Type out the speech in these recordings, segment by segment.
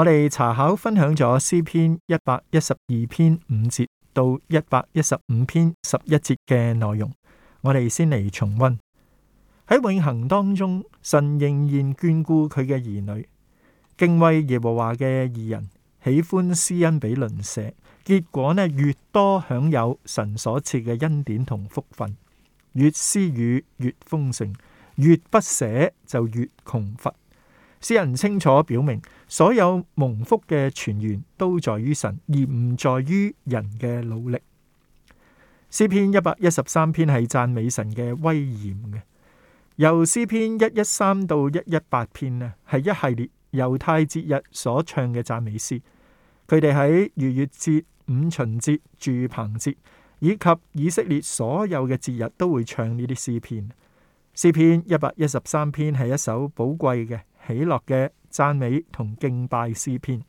我哋查考分享咗詩篇一百一十二篇五節到一百一十五篇十一節嘅內容，我哋先嚟重温喺永恆當中，神仍然眷顧佢嘅兒女，敬畏耶和華嘅義人喜歡施恩俾鄰舍，結果呢，越多享有神所賜嘅恩典同福分，越施予越豐盛，越不捨就越窮乏。詩人清楚表明。所有蒙福嘅全源都在於神，而唔在於人嘅努力。詩篇一百一十三篇係讚美神嘅威嚴嘅。由詩篇一一三到一一八篇咧，係一系列猶太節日所唱嘅讚美詩。佢哋喺逾越節、五旬節、住棚節以及以色列所有嘅節日都會唱呢啲詩篇。詩篇一百一十三篇係一首寶貴嘅喜樂嘅。讚美同敬拜詩篇，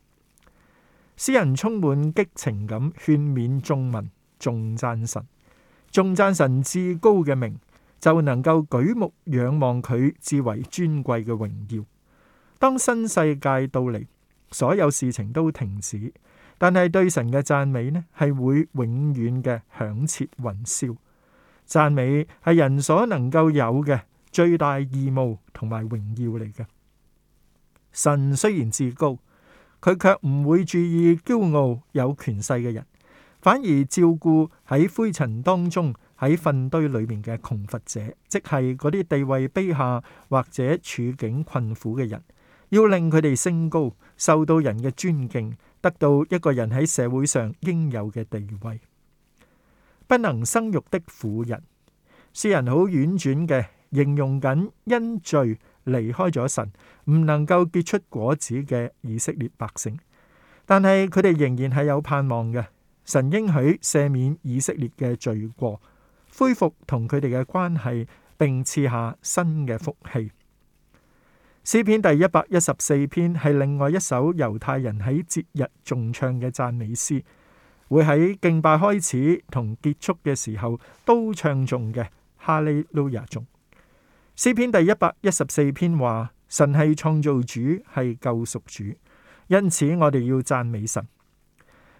詩人充滿激情咁勸勉眾民，頌讚神，頌讚神至高嘅名，就能夠舉目仰望佢，至為尊貴嘅榮耀。當新世界到嚟，所有事情都停止，但係對神嘅讚美呢，係會永遠嘅響徹雲霄。讚美係人所能夠有嘅最大義務同埋榮耀嚟嘅。神雖然至高，佢卻唔會注意驕傲有權勢嘅人，反而照顧喺灰塵當中、喺糞堆裏面嘅窮乏者，即係嗰啲地位卑下或者處境困苦嘅人，要令佢哋升高，受到人嘅尊敬，得到一個人喺社會上應有嘅地位。不能生育的婦人，詩人好婉轉嘅形容緊因罪。離開咗神，唔能夠結出果子嘅以色列百姓，但係佢哋仍然係有盼望嘅。神應許赦免以色列嘅罪過，恢復同佢哋嘅關係，並賜下新嘅福氣。詩篇第一百一十四篇係另外一首猶太人喺節日重唱嘅讚美詩，會喺敬拜開始同結束嘅時候都唱誦嘅哈利路亞頌。詩篇第一百一十四篇話：神係創造主，係救贖主，因此我哋要讚美神。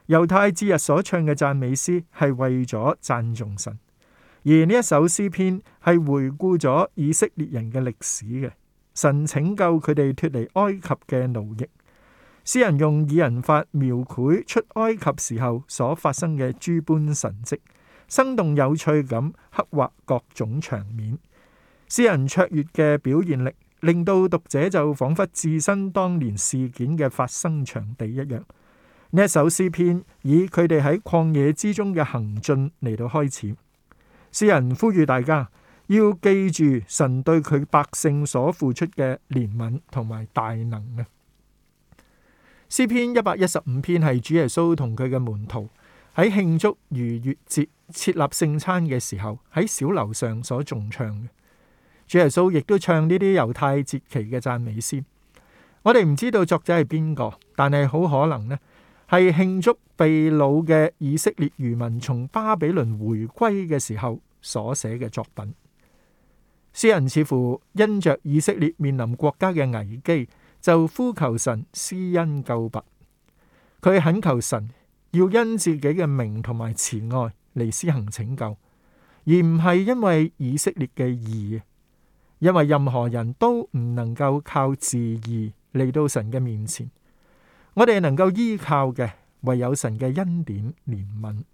猶太節日所唱嘅讚美詩係為咗讚頌神，而呢一首詩篇係回顧咗以色列人嘅歷史嘅。神拯救佢哋脱離埃及嘅奴役，詩人用擬人法描繪出埃及時候所發生嘅諸般神蹟，生動有趣咁刻畫各種場面。詩人卓越嘅表現力，令到讀者就仿佛置身當年事件嘅發生場地一樣。呢一首詩篇以佢哋喺曠野之中嘅行進嚟到開始。詩人呼籲大家要記住神對佢百姓所付出嘅憐憫同埋大能啊！詩篇一百一十五篇係主耶穌同佢嘅門徒喺慶祝逾越節設立聖餐嘅時候喺小樓上所重唱嘅。主耶穌亦都唱呢啲猶太節期嘅讚美詩。我哋唔知道作者係邊個，但係好可能呢係慶祝被擄嘅以色列漁民從巴比倫回歸嘅時候所寫嘅作品。詩人似乎因着以色列面臨國家嘅危機，就呼求神施恩救拔。佢懇求神要因自己嘅名同埋慈愛嚟施行拯救，而唔係因為以色列嘅義。因為任何人都唔能夠靠自義嚟到神嘅面前，我哋能夠依靠嘅唯有神嘅恩典憐憫。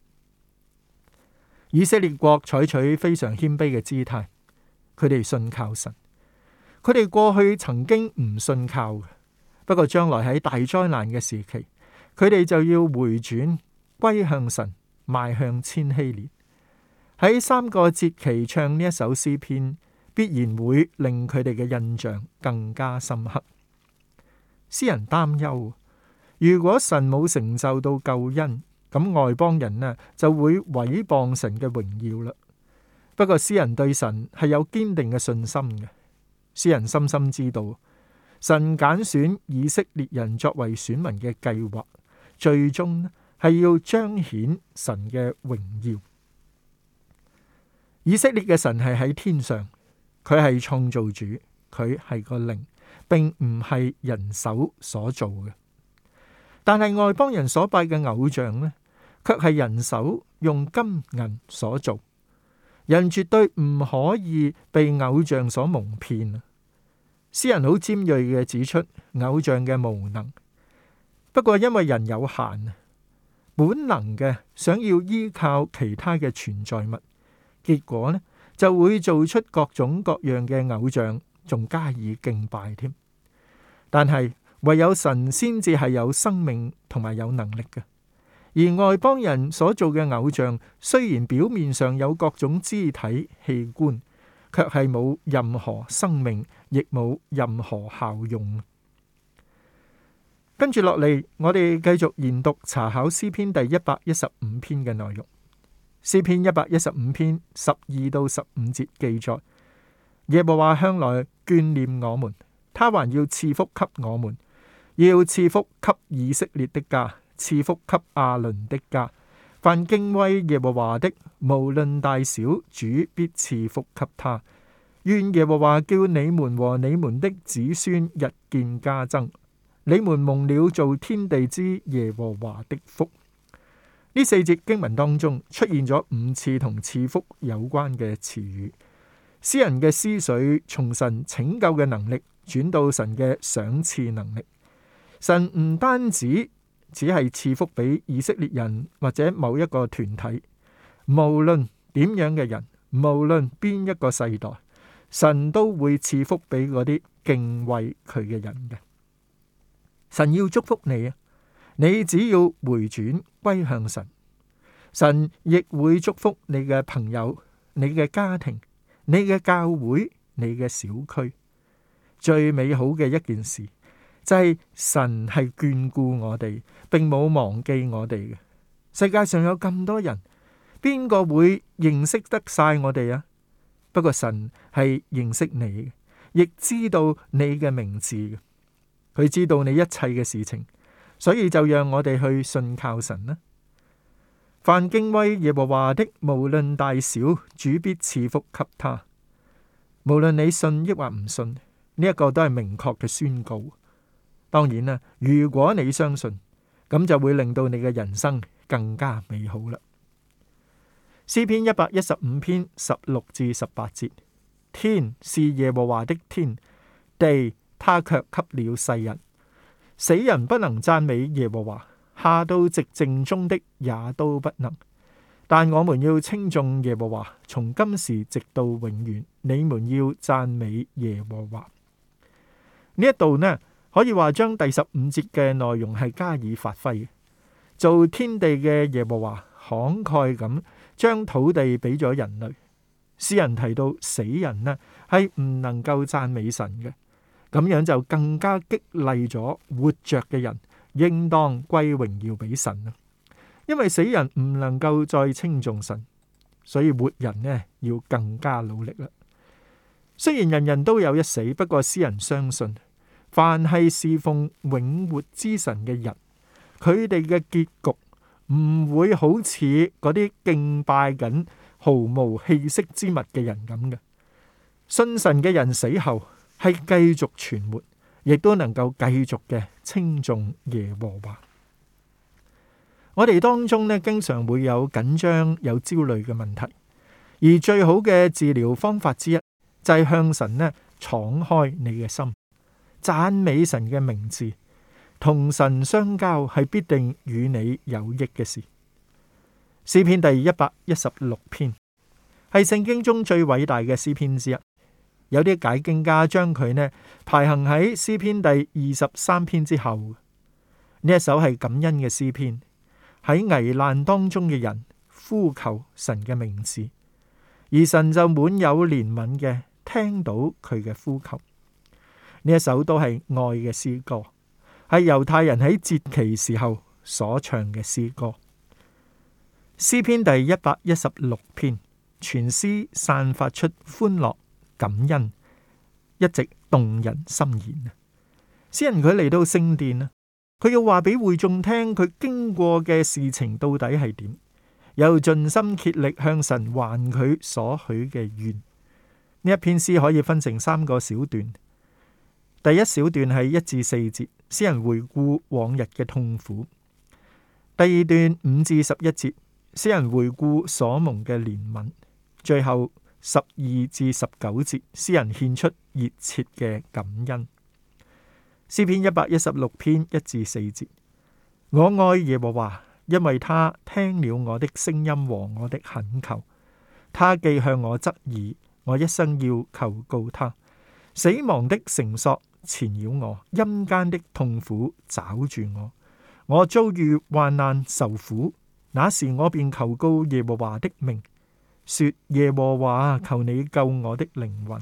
以色列國採取非常謙卑嘅姿態，佢哋信靠神。佢哋過去曾經唔信靠，不過將來喺大災難嘅時期，佢哋就要回轉歸向神，邁向千禧年。喺三個節期唱呢一首詩篇。必然會令佢哋嘅印象更加深刻。詩人擔憂，如果神冇成就到救恩，咁外邦人呢就會毀謗神嘅榮耀啦。不過詩人對神係有堅定嘅信心嘅。詩人深深知道，神揀選以色列人作為選民嘅計劃，最終係要彰顯神嘅榮耀。以色列嘅神係喺天上。佢係創造主，佢係個靈，並唔係人手所做嘅。但係外邦人所拜嘅偶像呢，卻係人手用金銀所做。人絕對唔可以被偶像所蒙騙。詩人好尖銳嘅指出偶像嘅無能。不過因為人有限，本能嘅想要依靠其他嘅存在物，結果呢。就會做出各種各樣嘅偶像，仲加以敬拜添。但係唯有神先至係有生命同埋有能力嘅，而外邦人所做嘅偶像，雖然表面上有各種肢體器官，却係冇任何生命，亦冇任何效用。跟住落嚟，我哋繼續研讀查考詩篇第一百一十五篇嘅內容。詩篇一百一十五篇十二到十五節記載：耶和華向來眷念我們，他還要賜福給我們，要賜福給以色列的家，賜福給亞倫的家。凡敬畏耶和華的，無論大小，主必賜福給他。願耶和華叫你們和你們的子孫日見加增，你們蒙了造天地之耶和華的福。呢四節經文當中出現咗五次同賜福有關嘅詞語，詩人嘅思緒從神拯救嘅能力轉到神嘅賞賜能力。神唔單止只係賜福俾以色列人或者某一個團體，無論點樣嘅人，無論邊一個世代，神都會賜福俾嗰啲敬畏佢嘅人嘅。神要祝福你啊，你只要回轉。歸向神，神亦會祝福你嘅朋友、你嘅家庭、你嘅教會、你嘅小區。最美好嘅一件事就係、是、神係眷顧我哋，並冇忘記我哋嘅。世界上有咁多人，邊個會認識得晒我哋啊？不過神係認識你，亦知道你嘅名字，佢知道你一切嘅事情。所以就讓我哋去信靠神啦。凡敬畏耶和華的，無論大小，主必賜福給他。無論你信抑或唔信，呢、這、一個都係明確嘅宣告。當然啦，如果你相信，咁就會令到你嘅人生更加美好啦。詩篇一百一十五篇十六至十八節：天是耶和華的天，地他卻給了世人。死人不能讚美耶和華，下到寂靜中的也都不能。但我們要稱頌耶和華，從今時直到永遠。你們要讚美耶和華。呢一度呢，可以話將第十五節嘅內容係加以發揮。造天地嘅耶和華慷慨咁將土地俾咗人類。詩人提到死人呢係唔能夠讚美神嘅。咁樣就更加激勵咗活着嘅人，應當歸榮耀俾神啊！因為死人唔能夠再稱頌神，所以活人呢要更加努力啦。雖然人人都有一死，不過詩人相信，凡係侍奉永活之神嘅人，佢哋嘅結局唔會好似嗰啲敬拜緊毫無氣息之物嘅人咁嘅。信神嘅人死後。係繼續存活，亦都能夠繼續嘅稱頌耶和華。我哋當中咧，經常會有緊張、有焦慮嘅問題，而最好嘅治療方法之一，就係、是、向神咧敞開你嘅心，讚美神嘅名字，同神相交係必定與你有益嘅事。詩篇第一百一十六篇係聖經中最偉大嘅詩篇之一。有啲解經家將佢，呢排行喺詩篇第二十三篇之後。呢一首係感恩嘅詩篇，喺危難當中嘅人呼求神嘅名字，而神就滿有憐憫嘅聽到佢嘅呼求。呢一首都係愛嘅詩歌，係猶太人喺節期時候所唱嘅詩歌。詩篇第一百一十六篇，全詩散發出歡樂。感恩一直動人心弦啊！詩人佢嚟到聖殿啊，佢要話俾會眾聽佢經過嘅事情到底係點，又盡心竭力向神還佢所許嘅願。呢一篇詩可以分成三個小段，第一小段係一至四節，詩人回顧往日嘅痛苦；第二段五至十一節，詩人回顧所蒙嘅憐憫；最後。十二至十九節，詩人獻出熱切嘅感恩。詩篇一百一十六篇一至四節：我愛耶和華，因為他聽了我的聲音和我的懇求。他既向我質疑，我一生要求告他。死亡的繩索纏繞我，陰間的痛苦抓住我。我遭遇患難受苦，那時我便求告耶和華的名。」說耶和華，求你救我的靈魂。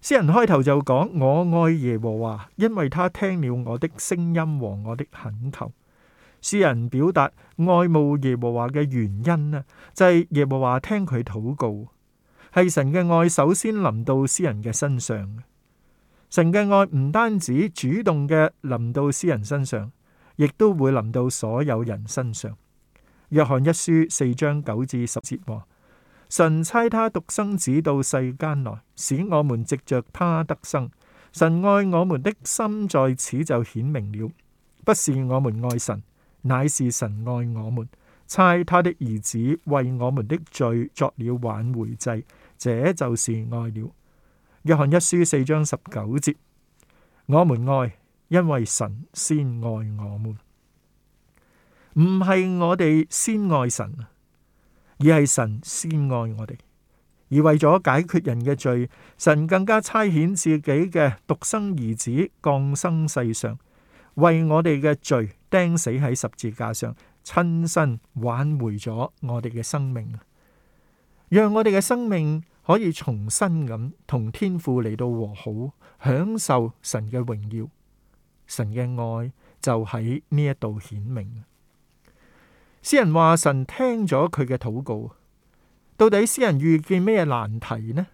詩人開頭就講，我愛耶和華，因為他聽了我的聲音和我的懇求。詩人表達愛慕耶和華嘅原因呢，就係耶和華聽佢禱告，係神嘅愛首先臨到詩人嘅身上。神嘅愛唔單止主動嘅臨到詩人身上，亦都會臨到所有人身上。約翰一書四章九至十節。神差他獨生子到世間來，使我們藉着他得生。神愛我們的心在此就顯明了，不是我們愛神，乃是神愛我們。差他的兒子為我們的罪作了挽回祭，這就是愛了。約翰一書四章十九節：我們愛，因為神先愛我們，唔係我哋先愛神。而係神先愛我哋，而為咗解決人嘅罪，神更加差遣自己嘅獨生兒子降生世上，為我哋嘅罪釘死喺十字架上，親身挽回咗我哋嘅生命啊！讓我哋嘅生命可以重新咁同天父嚟到和好，享受神嘅榮耀，神嘅愛就喺呢一度顯明。詩人話神聽咗佢嘅禱告，到底詩人遇見咩難題呢？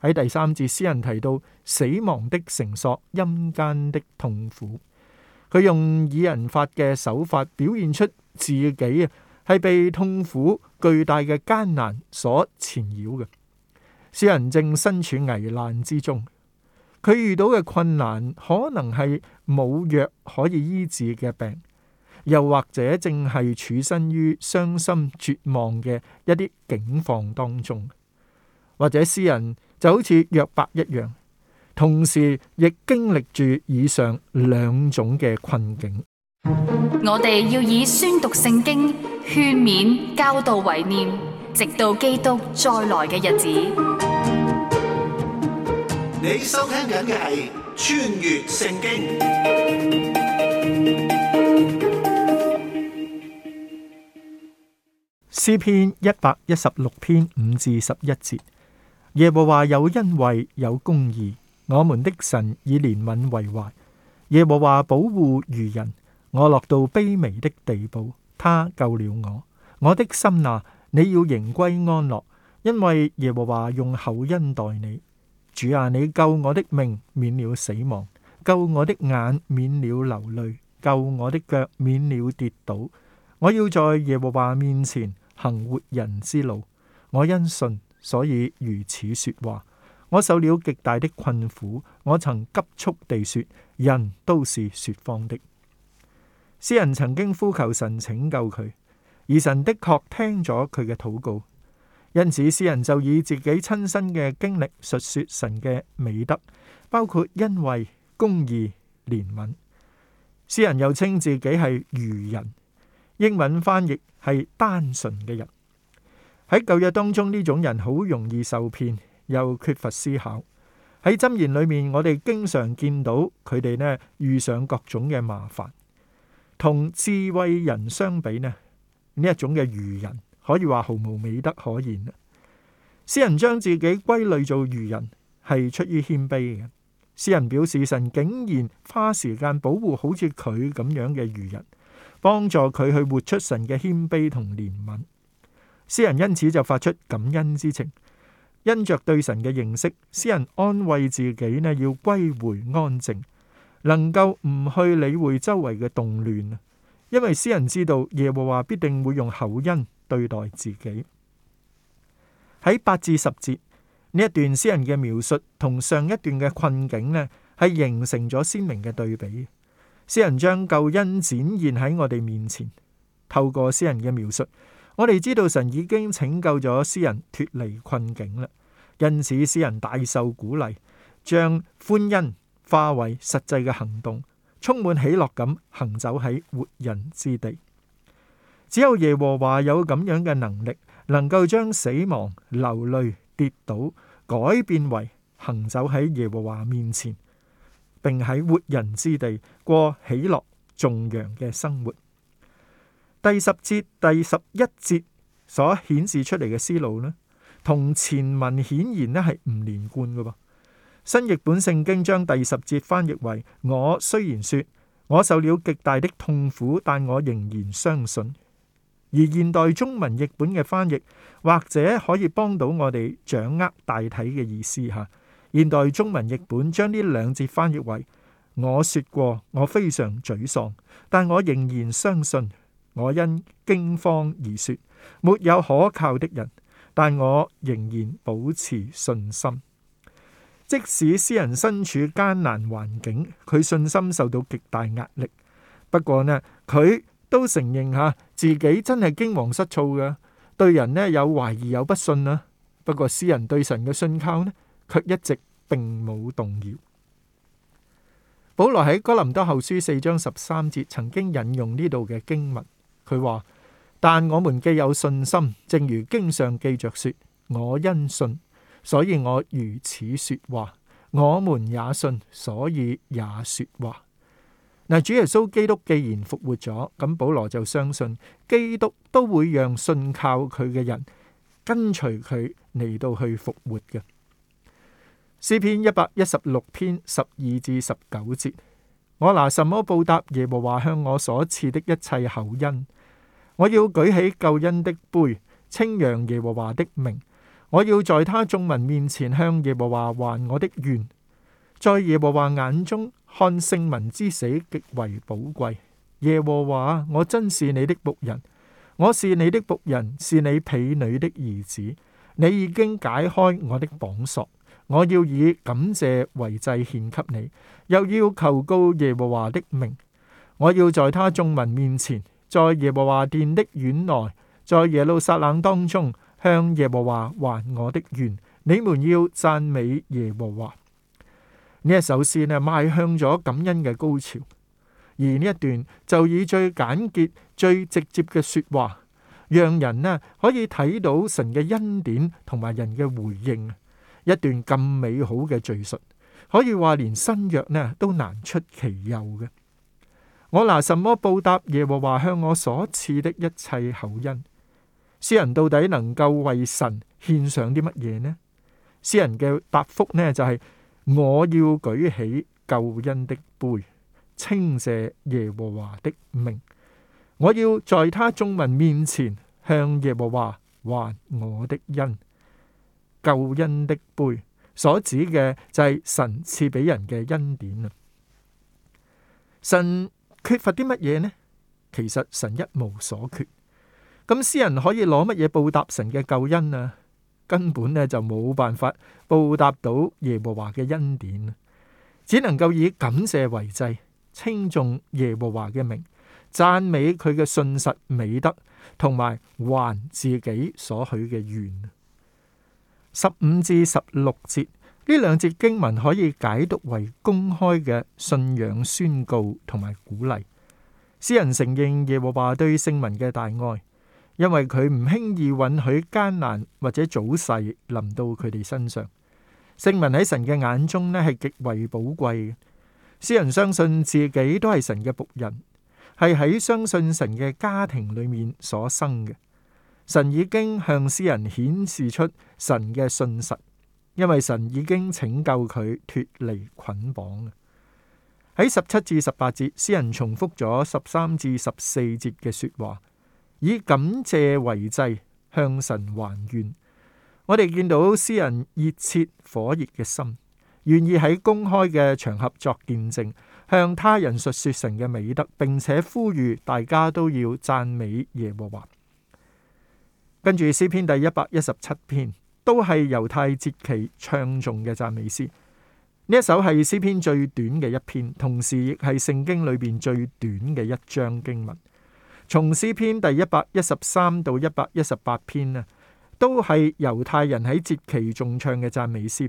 喺第三節，詩人提到死亡的繩索、陰間的痛苦，佢用擬人法嘅手法表現出自己啊係被痛苦巨大嘅艱難所纏繞嘅。詩人正身處危難之中，佢遇到嘅困難可能係冇藥可以醫治嘅病。又或者正係處身於傷心絕望嘅一啲境況當中，或者詩人就好似約伯一樣，同時亦經歷住以上兩種嘅困境。我哋要以宣讀聖經、勸勉、教導為念，直到基督再來嘅日子。你收聽緊嘅係《穿越聖經》。詩篇一百一十六篇五至十一節：耶和華有恩惠有公義，我們的神以憐憫為懷。耶和華保護愚人，我落到卑微的地步，他救了我。我的心啊，你要仍歸安樂，因為耶和華用厚恩待你。主啊，你救我的命免了死亡，救我的眼免了流淚，救我的腳免了跌倒。我要在耶和華面前。行活人之路，我因信所以如此說話。我受了極大的困苦，我曾急促地說，人都是說謊的。詩人曾經呼求神拯救佢，而神的確聽咗佢嘅禱告，因此詩人就以自己親身嘅經歷述說神嘅美德，包括恩惠公義、憐憫。詩人又稱自己係愚人。英文翻譯係單純嘅人喺舊約當中呢種人好容易受騙又缺乏思考喺箴言裏面我哋經常見到佢哋呢遇上各種嘅麻煩同智慧人相比呢呢一種嘅愚人可以話毫無美德可言詩人將自己歸類做愚人係出於謙卑嘅詩人表示神竟然花時間保護好似佢咁樣嘅愚人。幫助佢去活出神嘅謙卑同憐憫，詩人因此就發出感恩之情。因着對神嘅認識，詩人安慰自己呢，要歸回安靜，能夠唔去理會周圍嘅動亂，因為詩人知道耶和華必定會用厚恩對待自己。喺八至十節呢一段詩人嘅描述，同上一段嘅困境咧，係形成咗鮮明嘅對比。詩人將救恩展現喺我哋面前，透過詩人嘅描述，我哋知道神已經拯救咗詩人脫離困境啦。因此，詩人大受鼓勵，將歡欣化為實際嘅行動，充滿喜樂咁行走喺活人之地。只有耶和華有咁樣嘅能力，能夠將死亡、流淚、跌倒改變為行走喺耶和華面前，並喺活人之地。過喜樂、重陽嘅生活。第十節、第十一節所顯示出嚟嘅思路呢，同前文顯然呢係唔連貫嘅。新譯本聖經將第十節翻譯為：我雖然說我受了極大的痛苦，但我仍然相信。而現代中文譯本嘅翻譯，或者可以幫到我哋掌握大體嘅意思。吓，現代中文譯本將呢兩節翻譯為。我說過，我非常沮喪，但我仍然相信。我因驚慌而說，沒有可靠的人，但我仍然保持信心。即使詩人身處艱難環境，佢信心受到極大壓力。不過呢，佢都承認吓自己真係驚惶失措㗎，對人呢有懷疑有不信啊。不過詩人對神嘅信靠呢，卻一直並冇動搖。保羅喺哥林多後書四章十三節曾經引用呢度嘅經文，佢話：但我們既有信心，正如經上記着說，我因信，所以我如此說話；我們也信，所以也說話。嗱，主耶穌基督既然復活咗，咁保羅就相信基督都會讓信靠佢嘅人跟隨佢嚟到去復活嘅。詩篇一百一十六篇十二至十九節，我拿什麼報答耶和華向我所賜的一切厚恩？我要舉起救恩的杯，稱揚耶和華的名。我要在他眾民面前向耶和華還我的願。在耶和華眼中看聖民之死極為寶貴。耶和華，我真是你的僕人，我是你的僕人，是你婢女的兒子。你已經解開我的綁索。我要以感謝為祭獻給你，又要求告耶和華的名。我要在他眾民面前，在耶和華殿的院內，在耶路撒冷當中，向耶和華還我的願。你們要讚美耶和華。呢一首詩呢，邁向咗感恩嘅高潮，而呢一段就以最簡潔、最直接嘅說話，讓人呢可以睇到神嘅恩典同埋人嘅回應。一段咁美好嘅敘述，可以話連新約呢都難出其右嘅。我拿什麼報答耶和華向我所賜的一切厚恩？詩人到底能夠為神獻上啲乜嘢呢？詩人嘅答復呢就係、是：我要舉起救恩的杯，稱謝耶和華的名；我要在他眾民面前向耶和華還我的恩。救恩的杯所指嘅就係神賜俾人嘅恩典啊！神缺乏啲乜嘢呢？其實神一無所缺。咁詩人可以攞乜嘢報答神嘅救恩啊？根本呢就冇辦法報答到耶和華嘅恩典，只能夠以感謝為祭，稱頌耶和華嘅名，讚美佢嘅信實美德，同埋還自己所許嘅願。十五至十六節，呢兩節經文可以解讀為公開嘅信仰宣告，同埋鼓勵。詩人承認耶和華對聖民嘅大愛，因為佢唔輕易允許艱難或者早逝臨到佢哋身上。聖民喺神嘅眼中呢係極為寶貴。詩人相信自己都係神嘅僕人，係喺相信神嘅家庭裏面所生嘅。神已經向詩人顯示出神嘅信實，因為神已經拯救佢脱離捆綁。喺十七至十八節，詩人重複咗十三至十四節嘅說話，以感謝為祭，向神還願。我哋見到詩人熱切火熱嘅心，願意喺公開嘅場合作見證，向他人述說神嘅美德，並且呼籲大家都要讚美耶和華。跟住詩篇第一百一十七篇，都係猶太節期唱頌嘅讚美詩。呢一首係詩篇最短嘅一篇，同時亦係聖經裏邊最短嘅一章經文。從詩篇第一百一十三到一百一十八篇呢，都係猶太人喺節期仲唱嘅讚美詩。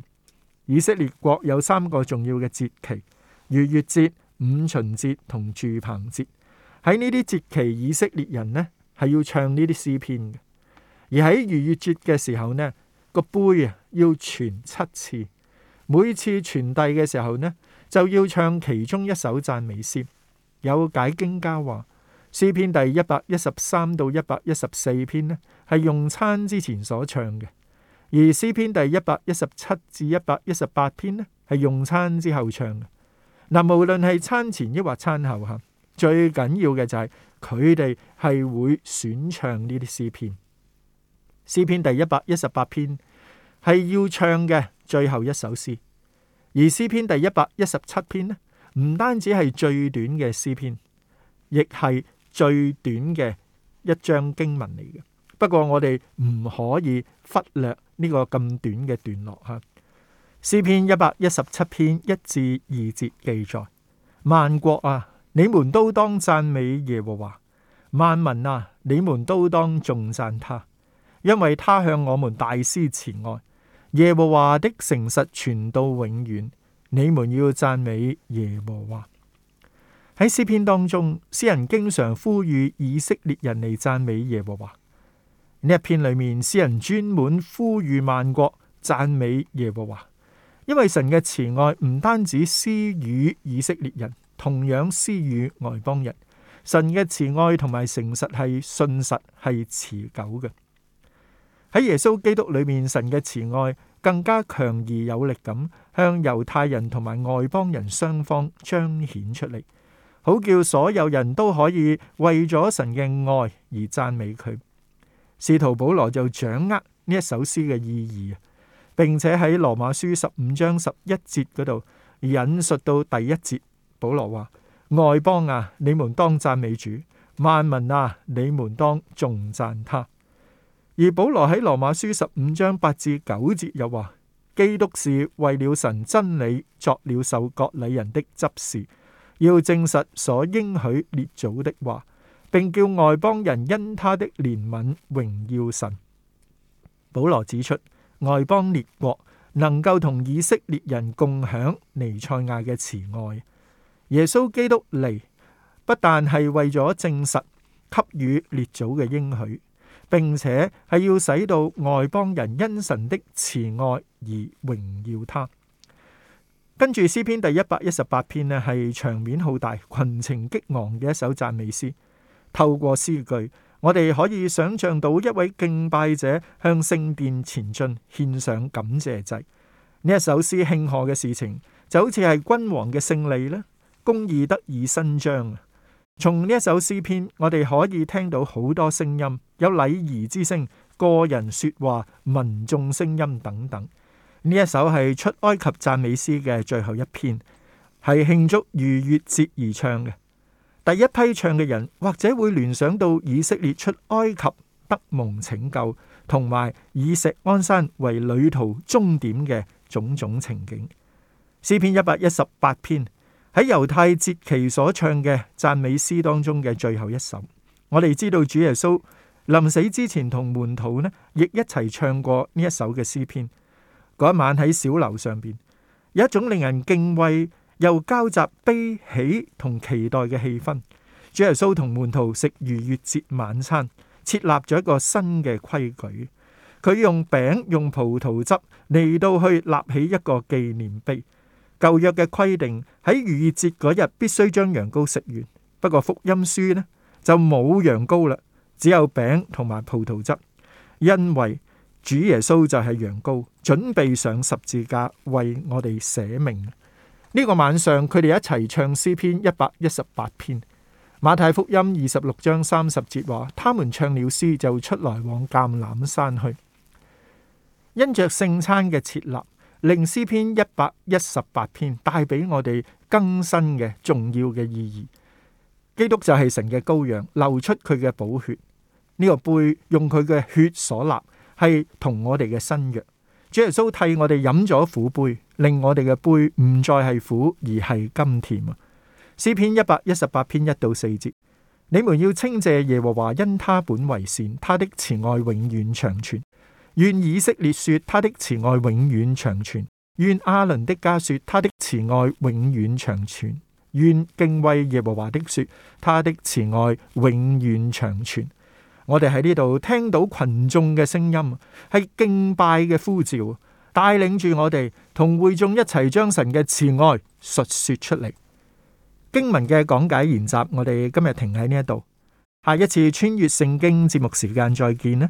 以色列國有三個重要嘅節期：逾越節、五旬節同住棚節。喺呢啲節期，以色列人呢係要唱呢啲詩篇而喺逾越節嘅時候呢，個杯啊要傳七次，每次傳遞嘅時候呢，就要唱其中一首讚美詩。有解經家話詩篇第一百一十三到一百一十四篇呢，係用餐之前所唱嘅，而詩篇第一百一十七至一百一十八篇呢，係用餐之後唱嘅。嗱，無論係餐前抑或餐後吓，最緊要嘅就係佢哋係會選唱呢啲詩篇。詩篇第一百一十八篇係要唱嘅最後一首詩，而詩篇第一百一十七篇呢，唔單止係最短嘅詩篇，亦係最短嘅一章經文嚟嘅。不過我哋唔可以忽略呢個咁短嘅段落。吓，詩篇一百一十七篇一至二節記載：萬國啊，你們都當讚美耶和華；萬民啊，你們都當重讚他。因為他向我們大施慈愛，耶和華的誠實存到永遠。你們要讚美耶和華。喺詩篇當中，詩人經常呼籲以色列人嚟讚美耶和華。呢一篇裏面，詩人專門呼籲萬國讚美耶和華，因爲神嘅慈愛唔單止施予以色列人，同樣施予外邦人。神嘅慈愛同埋誠實係信實，係持久嘅。喺耶穌基督裏面，神嘅慈愛更加強而有力，咁向猶太人同埋外邦人雙方彰顯出嚟，好叫所有人都可以為咗神嘅愛而讚美佢。使徒保羅就掌握呢一首詩嘅意義，並且喺羅馬書十五章十一節嗰度引述到第一節，保羅話：外邦啊，你們當讚美主；萬民啊，你們當頌讚他。而保羅喺羅馬書十五章八至九節又話：基督是為了神真理作了受割禮人的執事，要證實所應許列祖的話，並叫外邦人因他的憐憫榮耀神。保羅指出，外邦列國能夠同以色列人共享彌賽亞嘅慈愛，耶穌基督嚟，不但係為咗證實給予列祖嘅應許。並且係要使到外邦人因神的慈愛而榮耀他。跟住詩篇第一百一十八篇咧係場面浩大、群情激昂嘅一首讚美詩。透過詩句，我哋可以想像到一位敬拜者向聖殿前進，獻上感謝祭。呢一首詩慶賀嘅事情就好似係君王嘅勝利咧，公義得以伸張。從呢一首詩篇，我哋可以聽到好多聲音，有禮儀之聲、個人說話、民眾聲音等等。呢一首係出埃及讚美詩嘅最後一篇，係慶祝逾越節而唱嘅。第一批唱嘅人，或者會聯想到以色列出埃及得蒙拯救，同埋以錫安山為旅途終點嘅種種情景。詩篇一百一十八篇。喺猶太節期所唱嘅讚美詩當中嘅最後一首，我哋知道主耶穌臨死之前同門徒呢，亦一齊唱過呢一首嘅詩篇。嗰一晚喺小樓上面，有一種令人敬畏又交集悲喜同期待嘅氣氛。主耶穌同門徒食逾越節晚餐，設立咗一個新嘅規矩。佢用餅用葡萄汁嚟到去立起一個紀念碑。舊約嘅規定喺逾越節嗰日必須將羊羔食完，不過福音書呢就冇羊羔啦，只有餅同埋葡萄汁，因為主耶穌就係羊羔，準備上十字架為我哋捨命。呢個晚上佢哋一齊唱詩篇一百一十八篇，馬太福音二十六章三十節話，他們唱了詩就出來往橄欖山去，因着聖餐嘅設立。令詩篇一百一十八篇帶俾我哋更新嘅重要嘅意義。基督就係神嘅羔羊，流出佢嘅寶血，呢個杯用佢嘅血所立，係同我哋嘅新約。主耶穌替我哋飲咗苦杯，令我哋嘅杯唔再係苦而係甘甜啊！詩篇一百一十八篇一到四節：你們要稱謝耶和華，因他本為善，他的慈愛永遠長存。願以色列說，他的慈愛永遠長存，願亞倫的家說，他的慈愛永遠長存，願敬畏耶和華的說，他的慈愛永遠長存。我哋喺呢度聽到群眾嘅聲音，係敬拜嘅呼召，帶領住我哋同會眾一齊將神嘅慈愛述說出嚟。經文嘅講解研習，我哋今日停喺呢一度，下一次穿越聖經節目時間再見啦。